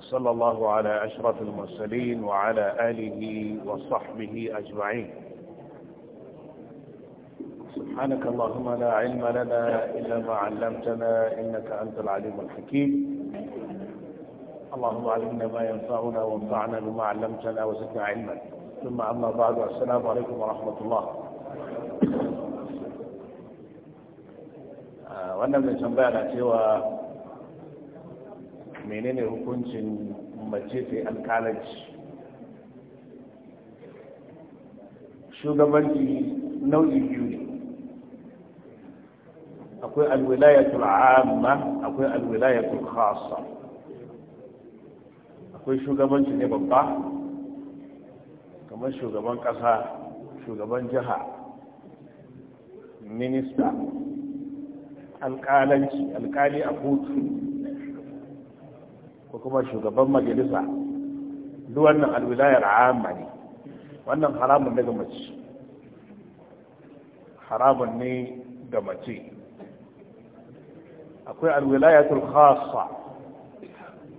وصلى الله على أشرف المرسلين وعلى آله وصحبه أجمعين سبحانك اللهم لا علم لنا إلا ما علمتنا إنك أنت العليم الحكيم اللهم علمنا ما ينفعنا وانفعنا بما علمتنا وزدنا علما ثم أما بعد السلام عليكم ورحمة الله آه، وأنا من جنبانا سوى menene hukuncin mace ta yi alkalanci shugabanci nau'i biyu ne akwai alwilayatul amma akwai alwilayatul khassa akwai shugabanci ne babba kamar shugaban ƙasa shugaban jiha minista alkalanci alkali a hutu ko kuma shugaban majalisa duk wannan alwilayar amma ne wannan haramun ne ga mace haramun ne ga mace akwai alwilayatul khassa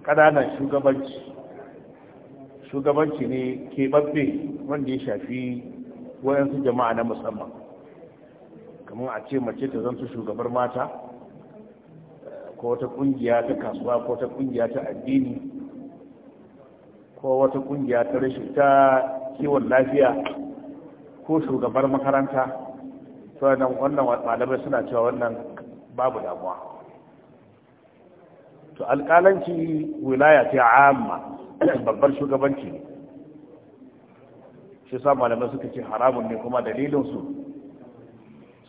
kananan shugabanci shugabanci ne keɓaɓɓe wanda ya shafi wayansu jama'a na musamman kamar a ce mace ta zanto shugabar mata ko wata kungiya ta kasuwa ko wata kungiya ta addini ko wata kungiya ta rashin ta kiwon lafiya ko shugabar makaranta to wannan malamai suna cewa wannan babu damuwa to alƙalanci wilaya ta amma babbar shugabanci ne shi sa malamai suka ce haramun ne kuma dalilinsu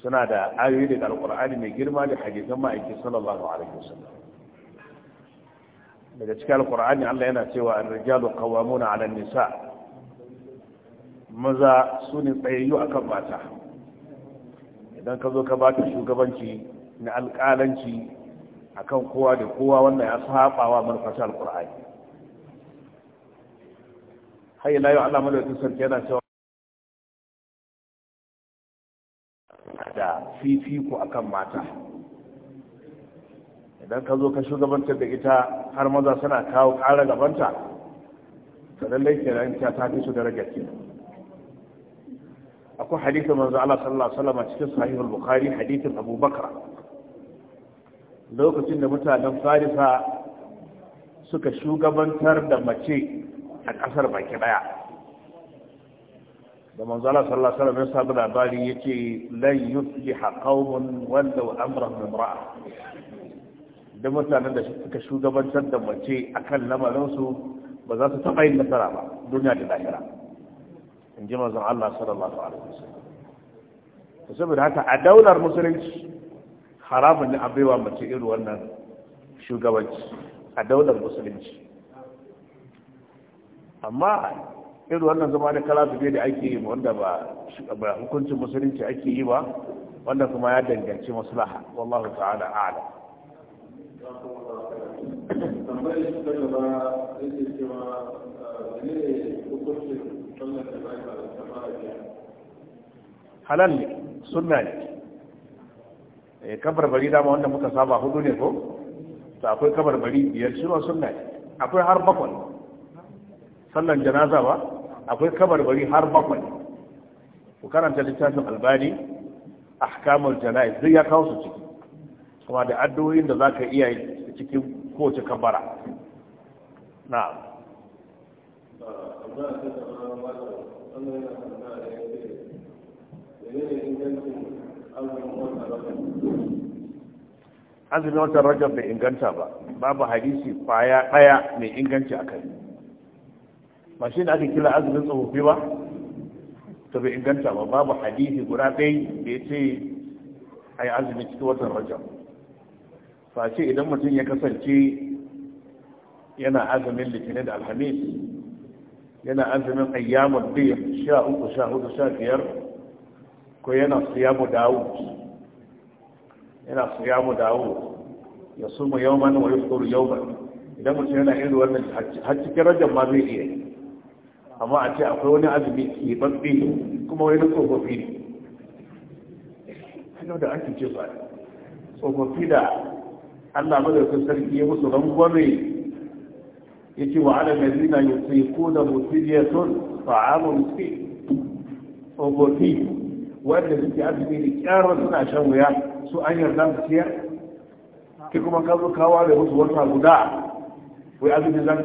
suna da ayoyi daga alkur'ani mai girma da hadisan ma'aikin sallallahu alaihi wasallam daga cikin alkur'ani Allah yana cewa ar-rijalu qawwamuna 'ala an-nisa maza su ne tsayayyu akan mata idan ka zo ka ba ta shugabanci na alƙalanci akan kowa da kowa wannan ya saba wa manufar alkur'ani hayya la ya'lamu da sarki yana cewa da fifiko akan mata idan ka zo ka shugabantar da ita har maza suna kawo ƙara gabanta ta lallai kenan ta ta fi su da rage akwai hadithin manzo Allah sallallahu alaihi wasallam cikin sahihul bukhari hadithin Abu lokacin da mutanen Farisa suka shugabantar da mace a ƙasar baki daya da manzala sallallahu alaihi wasallam ya samu labari yace lan yufliha qaumun wallau amrahum imra'a da mutanen da suka shugabantar da mace akan lamarin su ba za su taɓa yin nasara ba duniya da lahira in ji manzon Allah sallallahu alaihi wasallam saboda haka a daular musulunci haramun ne abaiwa mace irin wannan shugabanci a daular musulunci amma irin wannan zama da kalafi da ake yi wanda ba hukuncin musulunci ake yi ba wanda kuma ya danganci maslaha wallahu ta'ala a'ala ah, ne hukuncin halal ne sunna ne eh, kabar bari dama wanda muka saba hudu ne ko to akwai kabar bari biyar shi sunna ne akwai har bakwai sallan janaza ba akwai kabarbari har bakwai ku karanta littafin albani ahkamul jana'iz duk ya kawo su ciki kuma da addu'o'in da zaka iya cikin kowace kabara na azumin wata rajab bai inganta ba babu hadisi kwaya mai inganci a kai ba shi da ake kila azumin tsofaffi ba ta bai inganta ba babu hadisi guda ɗaya da ya ce a yi azumin cikin watan rajab ce idan mutum ya kasance yana azumin litinin da alhamis yana azumin ayyamar biyar sha uku sha hudu sha biyar ko yana siyamu dawo, yana siyamu dawo ya sumu mani wa yau idan mutum yana irin wannan har cikin rajab ma zai iya amma a ce akwai wani azumi keɓaɓɓe kuma wani tsofaffi ne ainihin da ake ce ba tsofaffi da allah madaukin sarki ya musu rangwame ya ce wa ala nazina ya ko da musuliyatun fa'amun su tsofaffi wanda suke azumi da kyarar suna shan wuya su an yarda su siyar Ke kuma ka zo kawo da musu wata guda wai azumi zan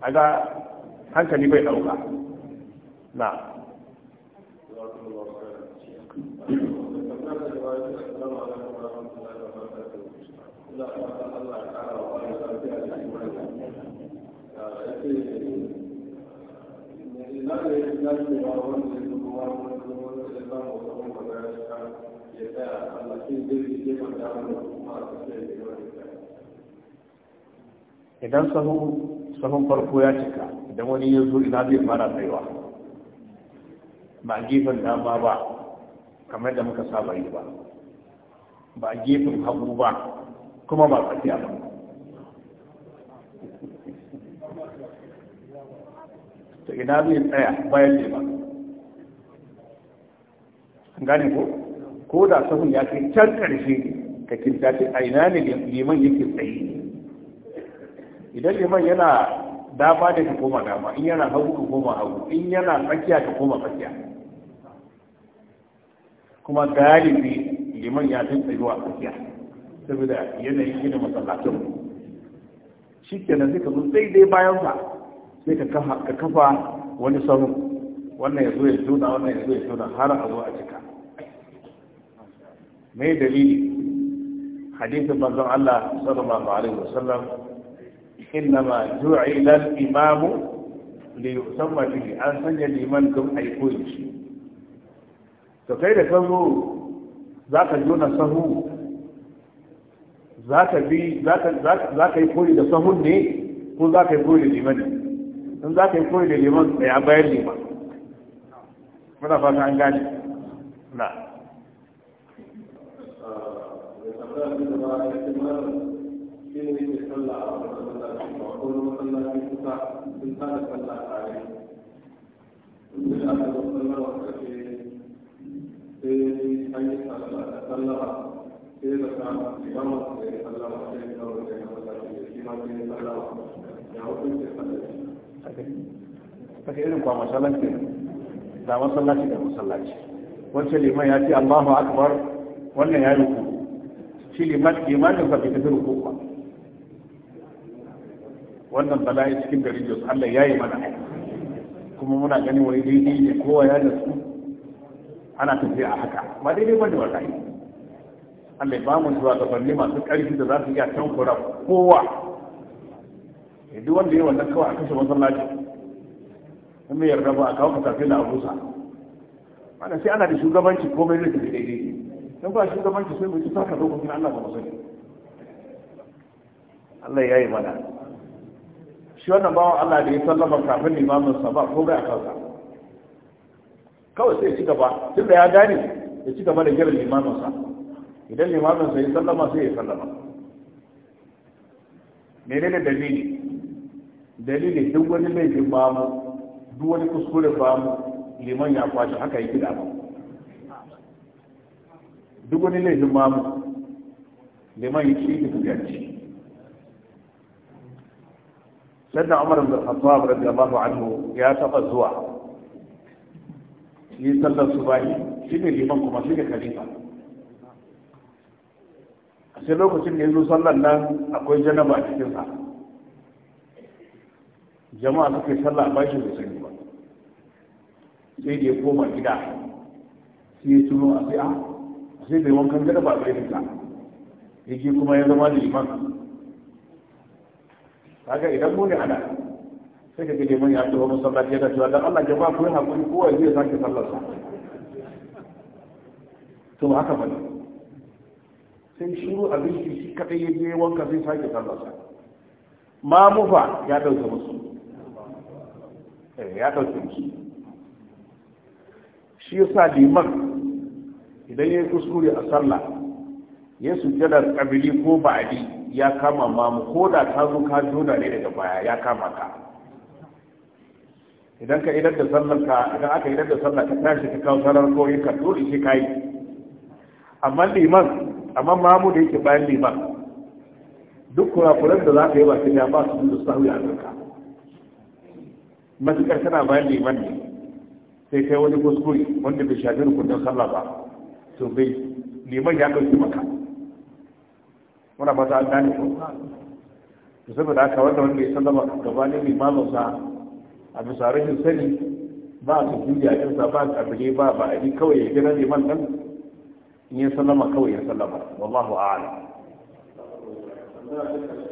a ga hankali bai ɗauka na idan sahu sahun farko ya cika idan wani ya zo ina zai fara tsayuwa ba a gefen dama ba kamar da muka saba yi ba ba a gefen hagu ba kuma ba tsakiya ba to ina zai tsaya bayan ne ba gani ko ko da sahun ya kai can ƙarshe ka kintace a ina ne liman yake tsaye idan liman yana dama da ka koma dama in yana hagu ka koma hagu in yana tsakiya ka koma tsakiya kuma galibi liman ya fi tsayuwa tsakiya saboda yanayin gina masallacin shi kenan sai ka zo daidai bayan sa sai ka kafa wani sanu wannan ya zo ya tuna wannan ya zo ya tuna har a zo a cika mai dalili hadisin manzon Allah sallallahu alaihi wasallam innama ju'ila al-imamu li yusamma an sanya liman don a yi to kai da sahu za ka jona sahu za ka yi koyi da sahun ne ko za ka yi koyi da liman ne za ka yi koyi da liman tsaya bayan liman muna fata an gane na shi ne yake sallah akwai masallaci kusa sun sa da sallah tare sai aka zo sallarwa kashe sai an yi sallah da sallah sai da sa imamu da ya sallah sai ya kawo da ya masallaci da shi ma sai ya sallah ya hukunce sallah ta irin kwa masallaci da masallaci da masallaci wancan liman ya ce allahu akbar wannan ya ruku shi liman limanin sa bai tafi ruku wannan bala'i cikin da Jos Allah ya yi mana kuma muna ganin wani daidai ne kowa ya su ana tafiya a haka ba daidai bane wallahi Allah ya bamu zuwa gabanni masu ƙarfi da za su iya tankura kowa eh, duk wanda ya wannan kawai a kashe masallaci in mai yarda ba a kawo kasafin da abusa mana sai ana da shugabanci komai zai tafi daidai don ba shugabanci sai mu ci saka dokokin Allah ba mu Allah ya yi mana shi wannan bawan Allah da ya sallama kafin limamin sa ba ko bai a kansa kawai sai ya ci gaba tun da ya gane ya ci gaba da jiran limamin sa idan limamin sa ya sallama sai ya sallama menene dalili dalili duk wani laifin bamu duk wani kuskure bamu liman ya kwashi haka yake da ba duk wani laifin bamu liman ya ci da kugarci sannan umar bin khattab radiyallahu anhu ya taba zuwa yi sallar subahi shine liman kuma shine khalifa a sai lokacin da yazo sallar nan akwai janaba a cikin sa jama'a suka yi sallah ba shi da sani ba sai da ya koma gida sai ya tuno a sai a sai bai wankan janaba a gare ta yake kuma ya zama liman kaga idan mu ne ana sai ka gide mun ya tuwa masallaci yana cewa dan Allah ya jama'a ku yi hakuri kowa zai sake sallar sa to haka bane sai shiru abin shi shi kadai ya je wanka sai sake sallar sa ma mufa ya dauke musu eh, ya dauke musu shi yasa liman idan ya yi kuskure a sallah ya sujjada kabili ko ba'adi ya kama mamu ko da ta zo ka jona ne daga baya ya kama ka idan ka idan da sallar ka idan aka idan da sallar ka tashi ka kawo sarar koyi ka dole shi kai amma liman amma mamu da yake bayan liman duk kurakuran da za ka yi ba shi ya ba su da sahu ya ka matukar tana bayan liman ne sai kai wani kuskure wanda bai shafi rukunin sallah ba to bai liman ya ɗauki maka muna ba za a gane ko to saboda haka wanda wanda ya san sallama gabanin limaminsa a bisa rashin sani ba a cikin jakinsa ba a bude ba ba a yi kawai ya gina liman nan in ya sallama kawai ya sallama wallahu a'ala kamar ya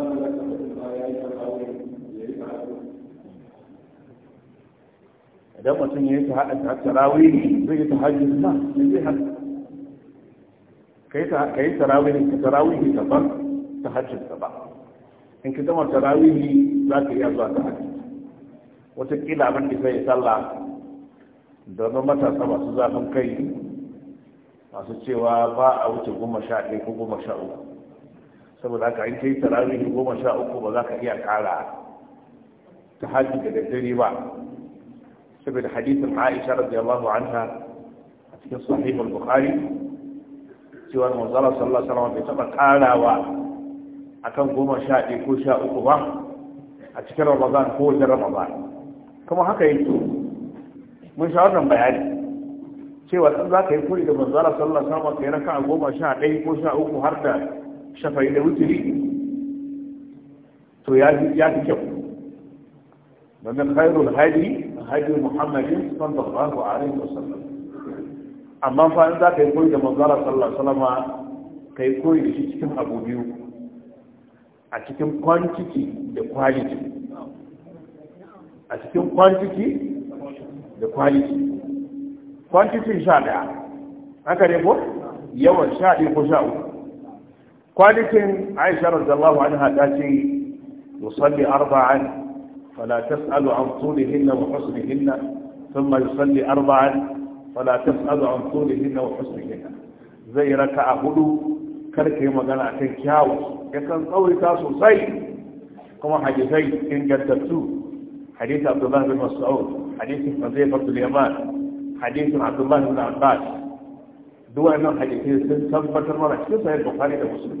mallaka mutum ba ya yi tsakawo ya yi tsakawo idan mutum ya yi ta haɗa ne zai yi ta hajji ma ne zai haɗa ka yi ne ka ne ka ba ta hajji ka ba in ka tarawi ne za ka iya zuwa ta hajji wataƙila abin da zai sallah domin matasa masu zafin kai masu cewa ba a wuce goma sha ɗaya ko goma sha uku saboda haka in ka yi ne goma sha uku ba za ka iya ƙara ta hajji da daddare ba saboda hadisin Aisha radiyallahu anha a cikin sahih al-Bukhari cewa manzo Allah sallallahu alaihi wasallam bai taba goma sha ɗaya ko sha uku ba a cikin Ramadan ko wajen Ramadan kuma haka yake mun sha wannan bayani cewa ɗan za ka yi kuri da manzara sallah sama raka a goma sha ɗaya ko sha uku har da shafai da to ya kyau domin khairul hadi hadi muhammadin sallallahu alaihi wasallam amma fa in za ka yi koyi da manzara sallallahu alaihi wasallam ka yi koyi da shi cikin abu biyu a cikin quantity da quality a cikin quantity da quality quantity sha daya haka ne ko yawan sha ɗaya ko sha uku kwalitin aisha radiyallahu anha ta ce yusalli arba'an فلا تسأل عن طولهن وحسنهن ثم يصلي أربعا فلا تسأل عن طولهن وحسنهن زي ركع هدو كركي مغانا كان كاوس يكن قوي تاسو سي كما حديثي إن جدتو حديث عبد الله بن مسعود حديث حذيفة اليمان حديث عبد الله بن عباس duk wannan hadisi sun tabbatar mana cikin sahih bukhari da muslim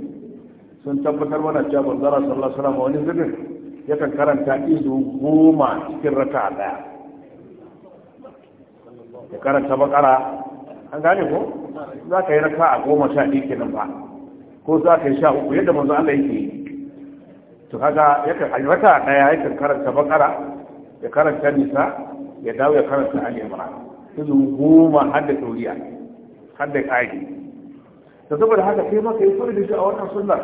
sun tabbatar mana cewa manzara sallallahu alaihi wasallam wani zubin yakan karanta izu goma cikin raka daya ya karanta bakara an gane ko za ka yi raka a goma sha ɗaya kenan ba ko za ka yi sha uku yadda manzo Allah yake yi to kaga yakan a raka daya yakan karanta bakara ya karanta nisa ya dawo ya karanta ali imran izu goma har da tauriya har da saboda haka sai maka yi da shi a wannan sunnar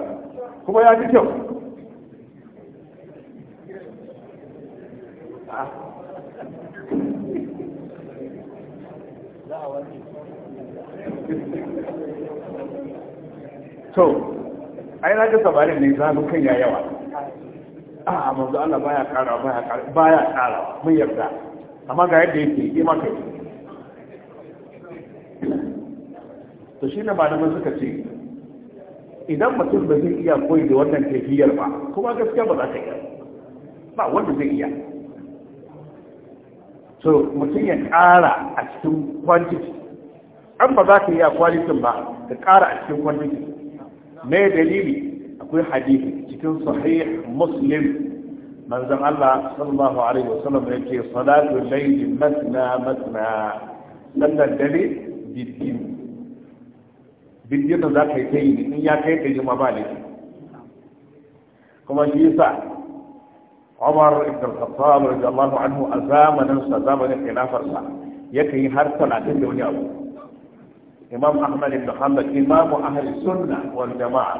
kuma ya fi kyau to ai na ga sabarin ne zanu kan ya yawa a manzo Allah baya kara baya kara baya kara mun yarda amma ga yadda yake yi maka to shi ne malaman suka ce idan mutum ba zai iya koyi da wannan tafiyar ba kuma gaskiya ba za ta iya ba wanda zai iya so mutum ya ƙara a cikin kwantiti an ba za ka yi a quality ba ka ƙara a cikin quantity me dalili akwai hadisi cikin sahih muslim manzon Allah sallallahu alaihi wasallam yake salatu layli matna matna sannan dare bidin bidin da za ka yi ta yi in ya kai ta yi ma ba ne kuma shi yasa عمر بن الخطاب رضي الله عنه أزام نفسه أزام نفسه يكي هر عدد من يأبو إمام أحمد بن حمد إمام أهل السنة والجماعة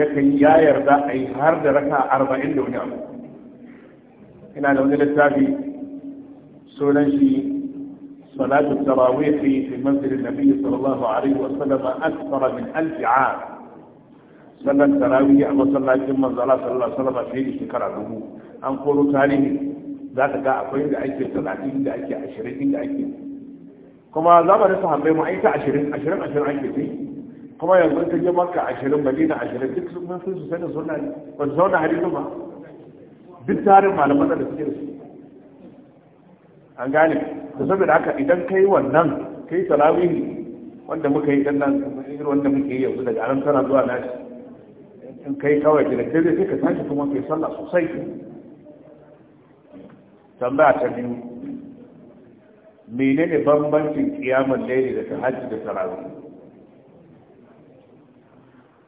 يكي يا دا أي هرد ركا أربعين من يأبو هنا لو نلتابي سولنشي صلاة التراويح في منزل النبي صلى الله عليه وسلم أكثر من ألف عام صلى التراويح وصلى الجمع صلى الله عليه وسلم في شكرا دموه an koro tarihi za ka ga akwai inda ake talatin inda ake ashirin inda ake kuma za mu zamanin sahabbai mu aita ashirin ashirin ashirin ake fi kuma yanzu ta je maka ashirin madina ashirin duk sun fi su sani suna ne ba su zauna hadisu ba duk tarin malaman da suke da su an gane da saboda haka idan ka yi wannan ka yi talawihi wanda muka yi dan nan irin wanda muke yi yanzu daga anan tana zuwa nashi in kai kawai da dare sai ka tashi kuma kai sallah sosai tambaya ta biyu menene bambancin kiyamar laili da tahajjud da tarawih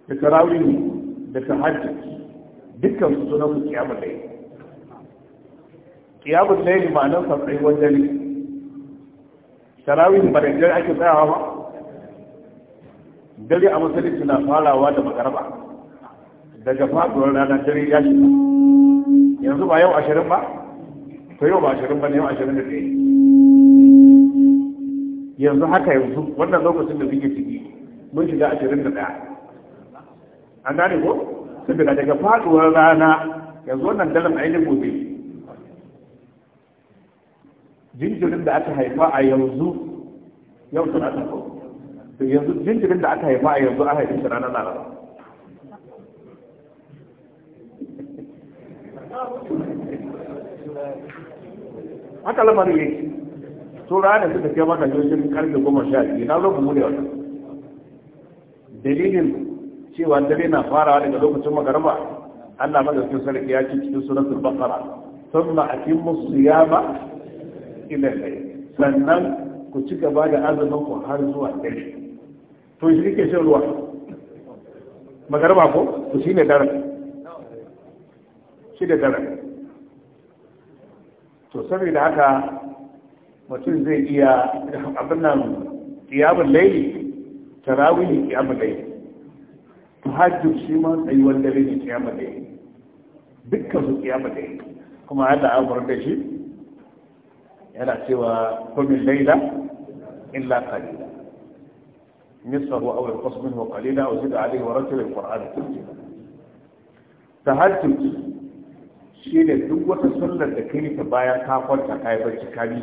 da tarawih da tahajjud dukkan su sunan su kiyamun laili kiyamar laili ma'anar sa tsayuwar dare tarawih ba da dare ake tsayawa ba dare a musulunci na farawa da magarba daga faɗuwar ranar dare ya shi yanzu ba yau ashirin ba to yau ba ashirin ba ne yau ashirin da ɗaya yanzu haka yanzu wannan lokacin da suke ciki mun shiga ashirin da ɗaya an gane ko saboda daga faɗuwar rana yanzu wannan dalar ainihin gobe jinjirin da aka haifa a yanzu yau suna tafi to yanzu jinjirin da aka haifa a yanzu a haifin shi ranar laraba haka lamarin yake to ranar da suka kai maka yoshin karfe goma sha biyu na lokacin murya wata dalilin cewa dare na farawa daga lokacin magarba Allah madaukakin sarki ya ce cikin sunan suratul baqara thumma atimmu siyama ila al-layl sannan ku ci gaba da azumin ku har zuwa dare to shi ke shan ruwa magarba ko to shine dare shi ne dare to saboda haka mutum zai iya abin nan kiyamun laili tarawih ne kiyamun laili tahajjud shi ma tsayuwar dare ne kiyamun laili dukkan su kiyamun laili kuma Allah amur da shi yana cewa kumin laila illa qalila nisfahu aw yanqus minhu qalila aw zid alayhi wa rattil al-qur'ana tartila tahajjud shi ne duk wata sallar da kai ta bayan ka kwanta ka yi barci ka bi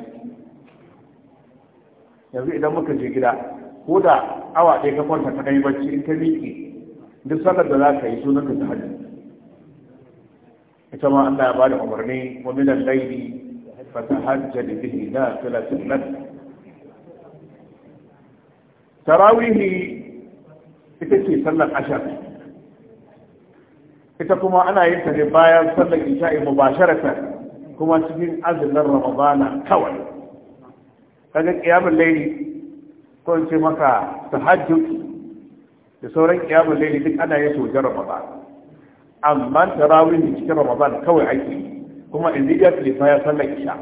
yanzu idan muka je gida ko da awa ɗaya ka kwanta ka yi barci in ka miƙe duk sallar da za ka yi sunan ka tahajjud ita ma Allah ya bada umarni wa min al-layli tahajjal bihi nafilatan lak tarawihi ita ce sallar ashar ita kuma ana yin ta ne bayan sallar isha'i mubasharatan kuma cikin azumin ramadana kawai kaga qiyamul layli ko in ce maka tahajjud da sauran qiyamul layli duk ana yin su wajen ramadan amma tarawih cikin ramadan kawai ake kuma immediately bayan sallar isha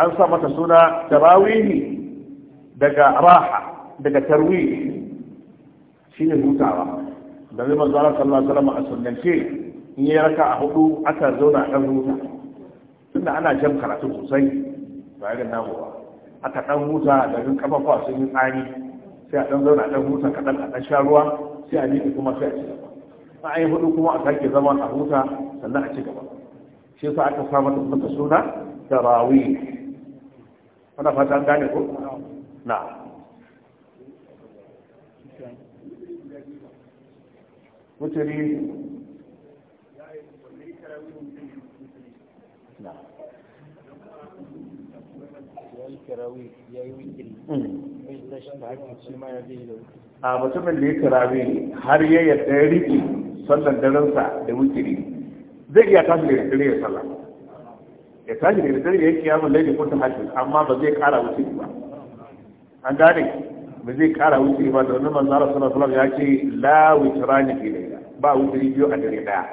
an sa mata suna tarawih daga raha daga tarwih shine hutawa da zai manzo Allah sallallahu alaihi wasallam a sunnance in yi raka a hudu aka zauna a ɗan huta tunda ana jan karatu sosai ba irin namu ba aka ɗan huta da jin kafafa sun yi tsani sai a ɗan zauna a ɗan huta kaɗan a ɗan sha ruwa sai a miƙe kuma sai a ci gaba a yi hudu kuma a sake zama a huta sannan a ci gaba shi yasa aka sa mata mata suna tarawih ana fata an gane ko na'am wuturi hmm. a mutumin da ya karawi har ya yadda ya riƙe sallan daransa da wikiri zai iya tashi da dare ya sallah ya tashi da dare ya kiyamun laifin ko hajji amma ba zai kara wuturi ba an gane ba zai kara wuturi ba da wani manzara suna na sulam ya ce la wutura ne ke laila ba wuturi biyu a dare daya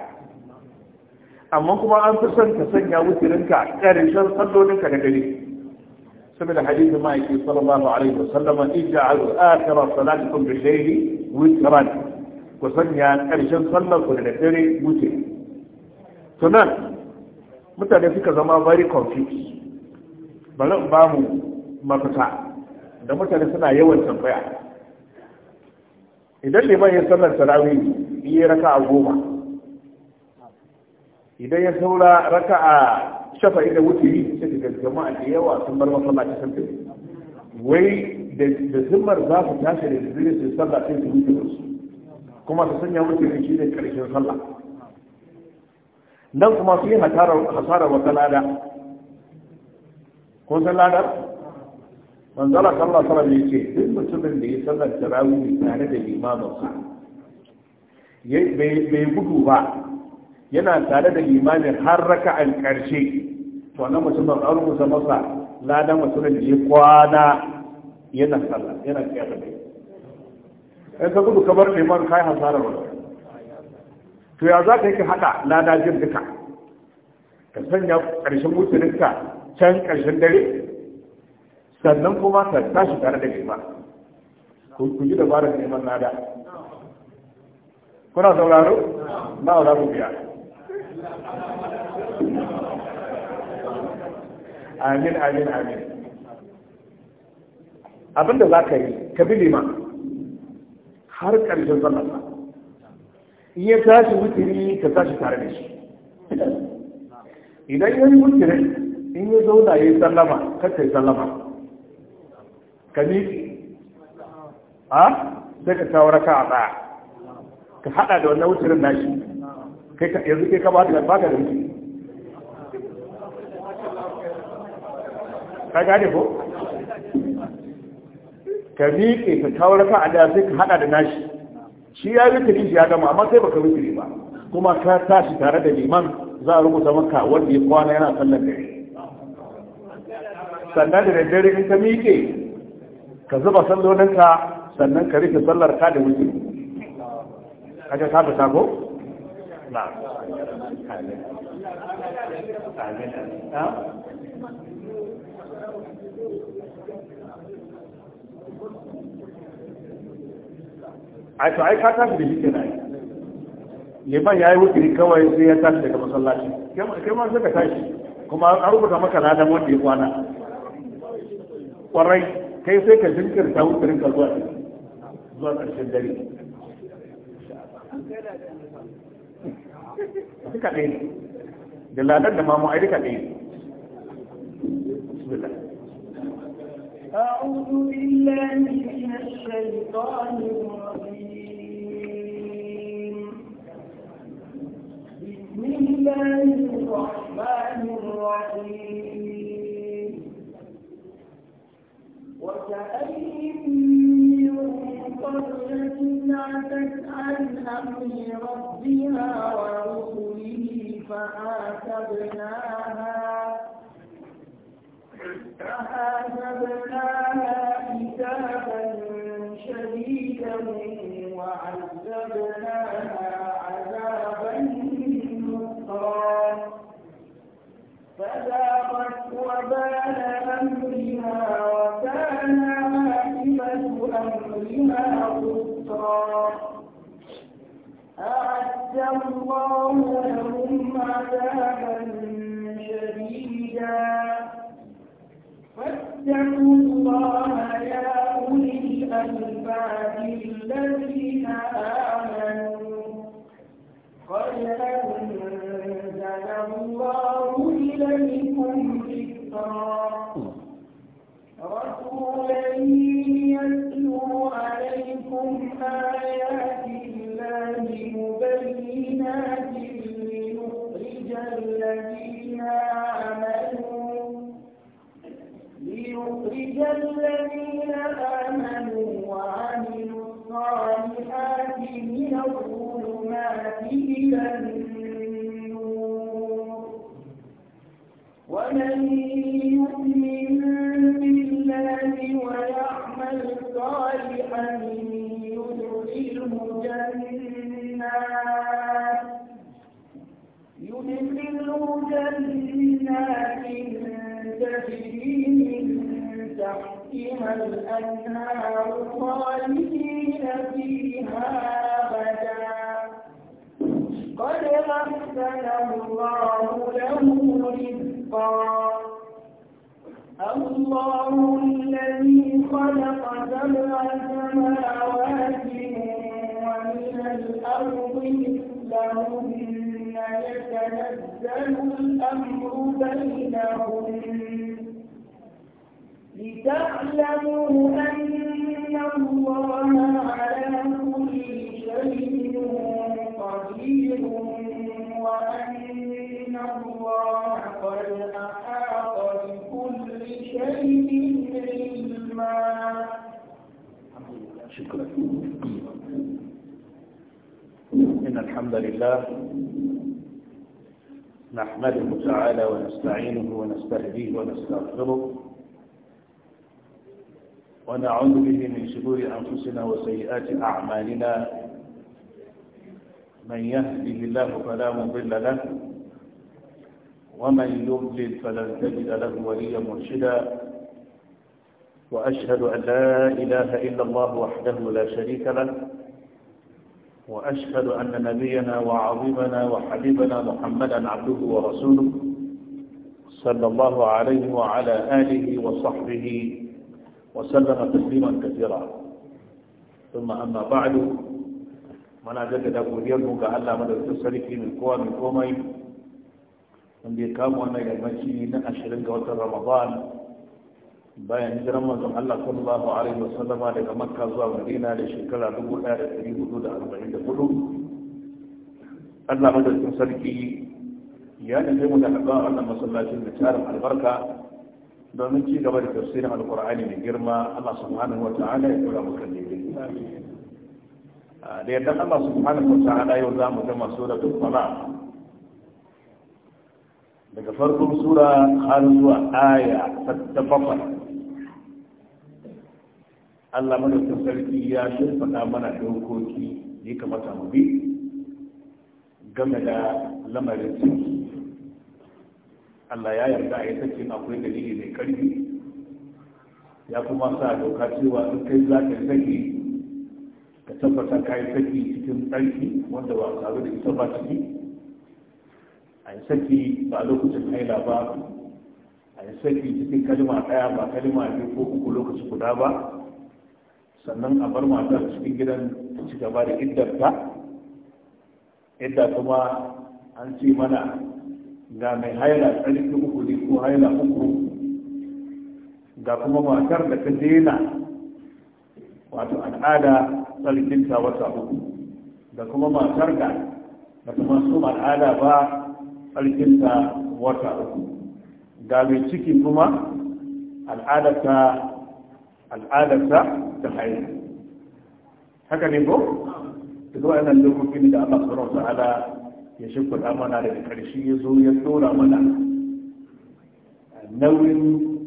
amma kuma an fi son ka sanya wuturinka ƙarshen sallolinka da dare saboda hadisin ma'aiki sallallahu alaihi wasallam ija alu akhira salatukum bil layli witran ku sanya ƙarshen sallar ku da dare wuturi to nan mutane suka zama very confused bari ba mu mafita da mutane suna yawan tambaya idan liman ya sallar tarawih ya raka a goma idan ya saura raka a shafa ida wuce yi, sai da jama'a da yawa sun bar masallaci sun tafi wai da zimmar za su tashi da zuri su sallah sai su wuce su kuma su sanya wuce da shi ne karshen sallah nan kuma su yi hasarar wata lada kun san ladar manzala kalla sallah ya ce duk mutumin da ya sallar tarawih tare da limaminsa bai gudu ba yana tare da limamin har raka'an karshe to na mutumin an rubuta masa ladan mutumin da ya kwana yana sallah yana kiyata da ai ka gudu kamar liman kai hasarar wani to ya za ka yi ka haɗa lada jin duka ka sanya ƙarshen mutuninka can ƙarshen dare sannan kuma ka tashi tare da girma ku yi dabarar neman nada kuna sauraro ba za ku biya amin amin amin abinda za ka yi ka bi liman har ƙarshen sallar ba in ya tashi wuturi ka tashi tare da shi idan ya yi wuturi in ya zauna ya yi sallama kakka yi sallama ka miƙe a sai ka kawo ka a ɗaya ka haɗa da wannan wutarin nashi kai ka yanzu kai ka ba ka ba ka da wuce ka gane ko ka miƙe ka kawo raka a daya sai ka haɗa da nashi shi ya yi wutarin shi ya gama amma sai baka wutare ba kuma ka tashi tare da liman za a rubuta maka wanda ya kwana yana sallar dare sannan da daddare in ka miƙe ka zuba sallolinka sannan ka rike sallar ka da wuce kaga ka fita ko na a to ai ka tafi da shi kenan liman ya yi wukiri kawai sai ya tashi daga masallaci kai ma suka tashi kuma an rubuta maka ladan wanda ya kwana kwarai كيف سيك ذكر تاوترين كالواحد زوال أرشد دليل كيف سيك ذكر تاوترين كالواحد دلالة دمامو عيدي بسم الله أعوذ بالله من الشيطان الرجيم بسم الله الرحمن الرحيم وكأين من قرية عتت عن أمر ربها ورسله فعاتبناها فعاتبناها عتابا شديدا وعذبناها عذابا نكرا فذاقت وبال أمرها بها قطرا أعد الله لهم عذابا شديدا فاتقوا الله يا أولي الألباب الذين آمنوا قد آيات الله مبينات لنخرج الذين آمنوا وعملوا الصالحات من الظلمات إلى النور ومن يؤمن بالله ويعمل صالحا ادخلوا جنات تجري من تحتها الأنهار خالدين فيها أبدا قد أحسن الله له رزقا الله الذي خلق سبع سماوات ومن الأرض مثلهن يتنزل الأمر بينهم لتعلموا أن الله على كل شيء قدير وأن الله قد أحاط بكل شيء علما شكرا إن الحمد لله نحمده تعالى ونستعينه ونستهديه ونستغفره ونعوذ به من شرور أنفسنا وسيئات أعمالنا من يهده الله فلا مضل له ومن يضلل فلن تجد له وليا مرشدا وأشهد أن لا إله إلا الله وحده لا شريك له وأشهد أن نبينا وعظيمنا وحبيبنا محمدا عبده ورسوله صلى الله عليه وعلى آله وصحبه وسلم تسليما كثيرا ثم أما بعد من أجل أبو اليوم كألا من تسلك من قوام قومين من بيكام وأنا يمشي نأشرنك رمضان bayan hijiran manzon Allah sallallahu alaihi sallama daga Makka zuwa Madina da shekara 1444 Allah madaukakin sarki ya nufi mu da haɗuwa wannan masallacin da tarin albarka domin ci gaba da tafsirin alkur'ani mai girma Allah subhanahu wa ta'ala ya kula muka daidai da yadda Allah subhanahu wa ta'ala yau za mu gama sura dukkana daga farkon sura har zuwa aya ta bakwai Allah ta sarki ya faɗa mana dokoki ya kamata mu bi game da lamarin ciki Allah ya yarda a yi sakin akwai dalili mai karfi ya kuma sa doka cewa in kai za ka saki ka tabbata ka yi saki cikin tsarki wanda ba tare da ita ba ciki a yi saki ba lokacin haila ba a yi saki cikin kalima ɗaya ba kalima biyu ko uku lokaci guda ba sannan a bar mata cikin gidan ci gaba da iddarta idda kuma an ce mana ga mai haila tsarki uku ne ko haila uku ga kuma matar da ta daina wato al'ada tsarkinta wata uku da kuma matar da da kuma su al'ada ba tsarkinta wata uku ga mai ciki kuma ta. al'adarsa da haila haka ne ko duk wa'annan dokokin da Allah subhanahu ta'ala ya shimfiɗa mana da ƙarshe ya zo ya tsora mana nauyin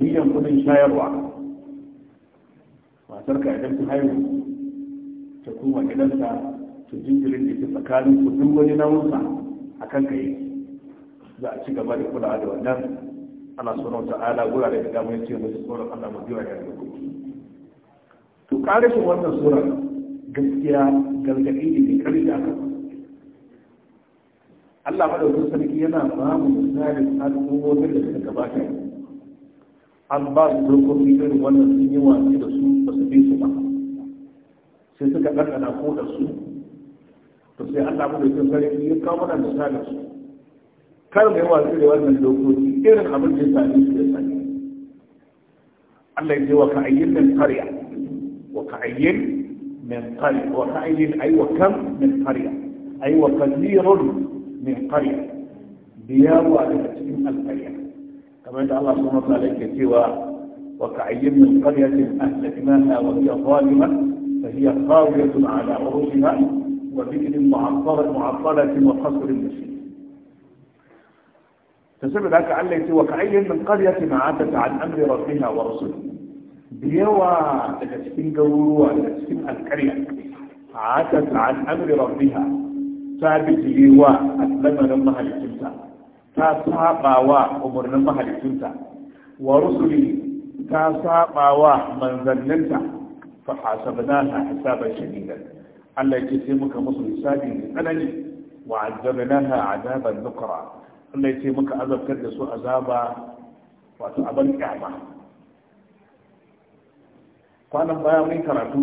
biyan kudin shayarwa matar ka idan ta haihu ta kuma gidanta ta jinjirin da tsakanin kudin wani nauyinsa a kan ka yi za a ci gaba da kula da wannan Allah wata ala gura da damar yace mu tsoron Allah mu jira da ku to karashin wannan sura gaskiya gargadi ne mai karfi da aka Allah madaukakin sarki yana ba mu misalin al'ummomin da suka gabata an ba su dokoki irin wannan sun yi watsi da su ba su bi su ba sai suka ɗanɗana ko da su to sai Allah madaukakin sarki ya kawo mana misalin su kar mai yi watsi da wannan dokoki غير خبر الانسان الانسان الله يجي وكعي من قرية وكعي من قرية وكعي أي وكم من قرية أي وكثير من قرية ديار وعلى القرية كما أن الله سبحانه وتعالى كتوى وكعي من قرية أهلكناها وهي ظالمة فهي خاوية على عروشها وبئر معطلة معطلة وقصر المسلمين فسبب ذلك علي سوى كأي من قرية ما عادت عن أمر ربها ورسوله بيوى الاسكين قولوا الاسكين الكرية عادت عن أمر ربها ثابت ليوى أسلم لله لسنسا تساقى وا أمر لله لسنسا ورسلي تساقى وا من ذننسا فحاسبناها حسابا شديدا الله يجزمك مصر حسابي لسنني وعذبناها عذابا نقرا Allah ya ce muka azabtar da su azaba wato abin kyama kwanan baya mai karatu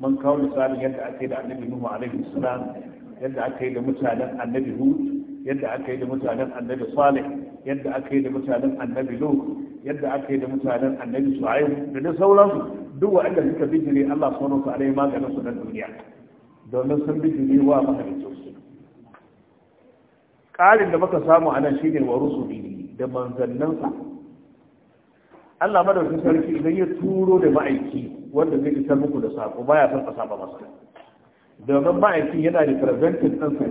mun kawo misalin yadda aka yi da annabi nuhu alaihi salam yadda aka yi da mutanen annabi hud yadda aka yi da mutanen annabi salih yadda aka yi da mutanen annabi lut yadda aka yi da mutanen annabi shu'aib da da sauransu duk wanda suka bijire Allah subhanahu wa ta'ala ya maganin su na duniya domin sun bijire wa mahaliccin ƙarin da muka samu a nan shine wa rusuli da manzannansa Allah madaukakin sarki idan ya turo da ma'aiki wanda zai isar muku da sako baya san a saba masa domin ma'aikin yana da presentin ɗansa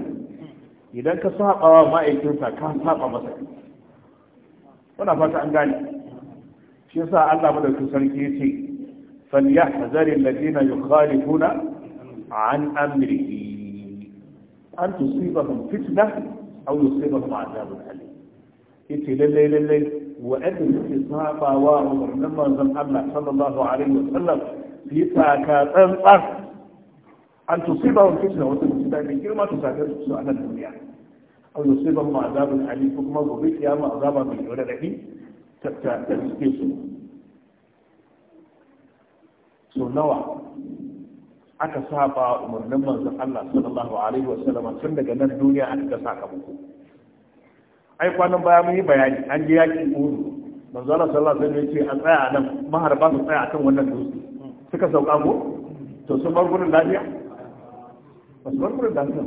idan ka saba wa ma'aikinsa ka saba masa muna fata an gane shi yasa Allah madaukakin sarki ya ce فليحذر الذين yukhalifuna An amrihi an tusibahum fitna? أو يصيبهم عذاب أليم إنت لليل الليل وأدل في صحابة وعمر لما زم الله صلى الله عليه وسلم في ساكا تنصر أن تصيبهم كسنة وتنصيبها من كلمة تساكر سؤال الدنيا أو يصيبهم عذاب أليم فكما ضبط يا مأذاب من يولده تتكيسهم سنوع aka saba umarnin manzo Allah sallallahu alaihi wa sallama tun daga nan duniya aka ga sakamako ai kwanan baya mun yi bayani an je yaki uru manzo Allah sallallahu alaihi wa sallam ya ce a tsaya nan maharba su tsaya akan wannan dutse suka sauka ko to sun bar gurin lafiya ba su bar gurin lafiya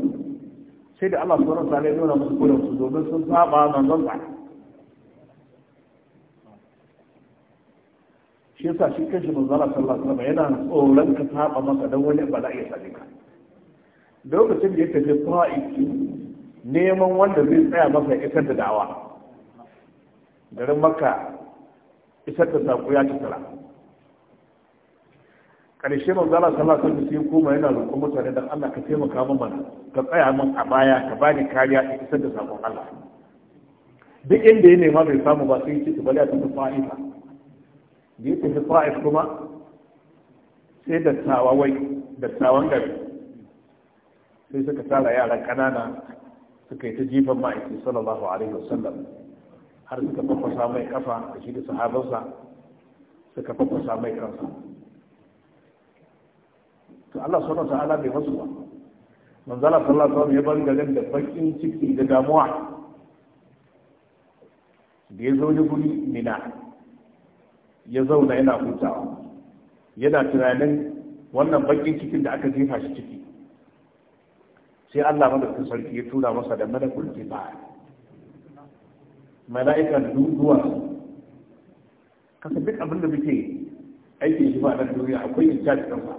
sai da Allah alaihi wa sallam ya nuna musu gurin su domin sun saba manzon Allah shi yasa shi kanshi manzala sallallahu alaihi wasallam yana tsoron ka saba masa dan wani ba za iya sani ka lokacin da ya tafi fa'iki neman wanda zai tsaya masa isar da dawa garin makka isar da saƙo ya ci tsara ƙarshe manzala sallallahu alaihi wasallam sai koma yana roƙon mutane dan Allah ka taimaka min mana ka tsaya min a baya ka bani kariya isar da saƙon Allah duk inda ya nema bai samu ba sai ya ci bari a tafi fa'ika da su tafi kuma sai dattawa wai dattawan gari sai suka tara yaran ƙanana suka yi ta jifan ma'aiki sallallahu alaihi wasallam har suka fafasa mai kafa a shi da sahabansa suka fafasa mai kansa to Allah subhanahu wa ta'ala bai masu ba manzala sallallahu alaihi wasallam ya bar garin da bakin ciki da damuwa da ya zo da guri mina ya zauna yana hutawa yana tunanin wannan bakin cikin da aka jefa shi ciki sai Allah madaukakin sarki ya tura masa da malakul jiba mala'ikan duduwa kasa duk abin da muke aikin shi ba nan duniya akwai intaji ba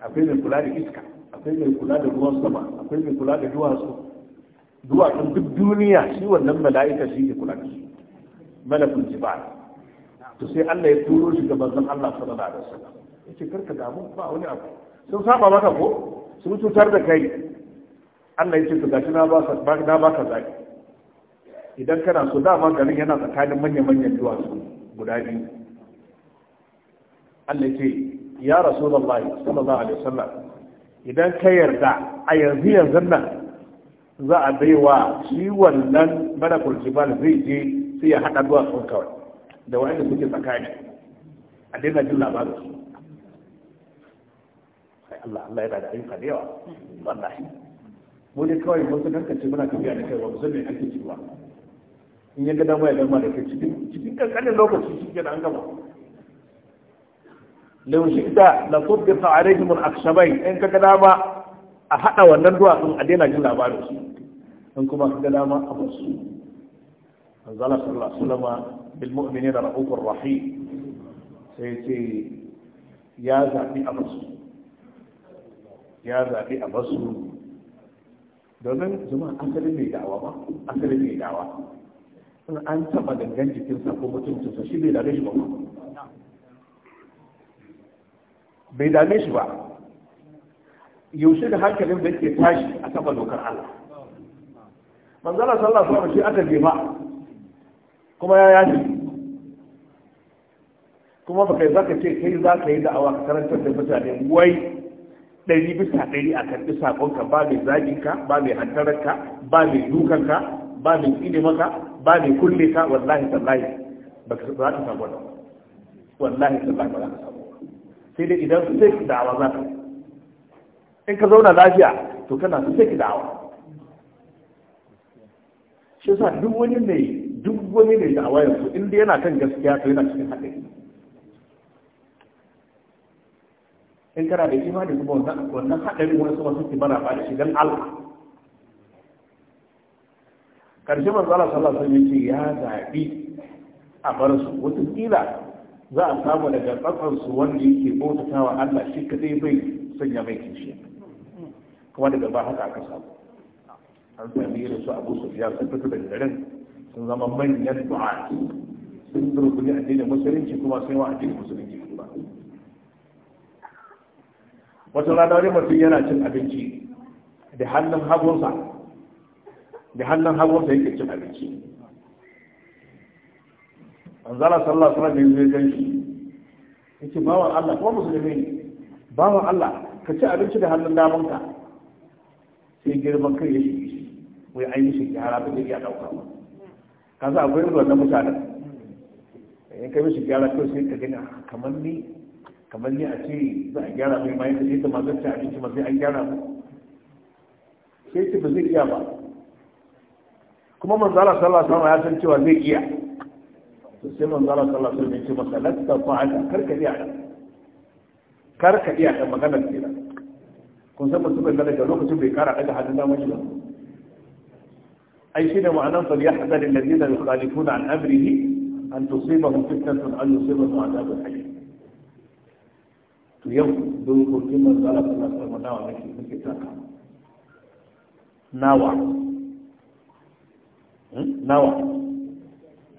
akwai mai kula da iska akwai mai kula da ruwan sama akwai mai kula da duwatsu duwatsun duk duniya shi wannan mala'ika shi ke kula da su malakul jiba to sai Allah ya turo shi ga manzon Allah sallallahu alaihi wasallam yace karka damu ba wani abu sun saba maka ko sun cutar da kai Allah ya ce to gashi na ba ka na ba ka zaki idan kana so dama garin yana tsakanin manya-manyan duwatsu guda biyu Allah ya ce ya rasulullahi sallallahu alaihi wasallam idan ka yarda a yanzu yanzu nan za a baiwa shi wannan malakul jibal zai je sai ya hada duwatsun kawai da wanda suke tsakani a daina jin labarin su sai Allah Allah yana da ayyuka da yawa wallahi mu ne kawai mun san kanka muna tafiya da kai ba musulmi me ake cewa in ya ga dama ya dama da kai cikin cikin kankanin lokaci shi kenan an gama lau shi da la tudbiqa alaihim al-akshabain in ka ga dama a hada wannan duwatsun a daina jin labarin su in kuma ka ga dama a su manzala sallallahu alaihi wasallama بالمؤمنين رؤوف رحيم سيتي يا ذا بأبصر يا ذا بأبصر دومين زمان أسر لي دعوة ما أسر دعوة أنا أنت ما دنجي تنسى كومو تنسى شي بيدا نشبع بيدا نشبع يوسف هاي كلمة بيتي تاشي أتفضل وكر الله من الله صلى الله عليه وسلم kuma ya yaji kuma ba kai za ka ce kai za ka yi da'awa ka karantar da mutane wai ɗari bisa ɗari a karɓi saƙonka ba mai zaginka ba mai hantararka ba mai dukanka ba mai tsine maka ba mai kulle ka wallahi tallahi ba ka za ka samu wannan wallahi tallahi ba za ka samu sai dai idan sai ki da'awa za ka in ka zauna lafiya to kana sai ki da'awa shi yasa duk wani mai duk wani da da'awa yanzu inda yana kan gaskiya to yana cikin haɗari in kana da imani kuma wannan haɗari wani sama suke bara ba da don Allah karshe man zala sallallahu sun yi yace ya zaɓi a bar su wata kila za a samu daga tsatsan su wanda yake bautatawa Allah shi kadai bai sanya mai kishi kuma daga ba haka aka samu an sami irin su Abu Sufyan sun fito daga garin sun zama manyan du'a sun rukuni addinin musulunci kuma sun wa addinin musulunci kuma wata rana wani mutum yana cin abinci da hannun hagunsa da hannun hagunsa yake cin abinci an zara sallah suna da yanzu gan shi ce bawan Allah kuma musulmi ne bawan Allah ka ci abinci da hannun damanka sai girman kai ya shi wai ainihin gyara ba zai iya ɗauka ba ka sa akwai irin wannan mutanen in ka mishi gyara kyau sai ka gani ah, kamar ni kamar ni a ce za a gyara mai ma yadda jita ma zan abinci ma sai an gyara mu sai ce ba zai iya ba kuma manzala sallallahu alaihi ya san cewa zai iya to sai manzala sallallahu alaihi wasallam ya ce masa lasta fa'ala karka iya dan karka iya dan magana kenan kun san mutum da daga lokacin bai kara daga hadin damar shi ba أي شيء معنى فليحذر الذين يخالفون عن أمره أن تصيبهم فتنة أن يصيبهم عذاب الحليم يبدو كما قال الله تعالى ناوى في الكتاب ناوى ناوى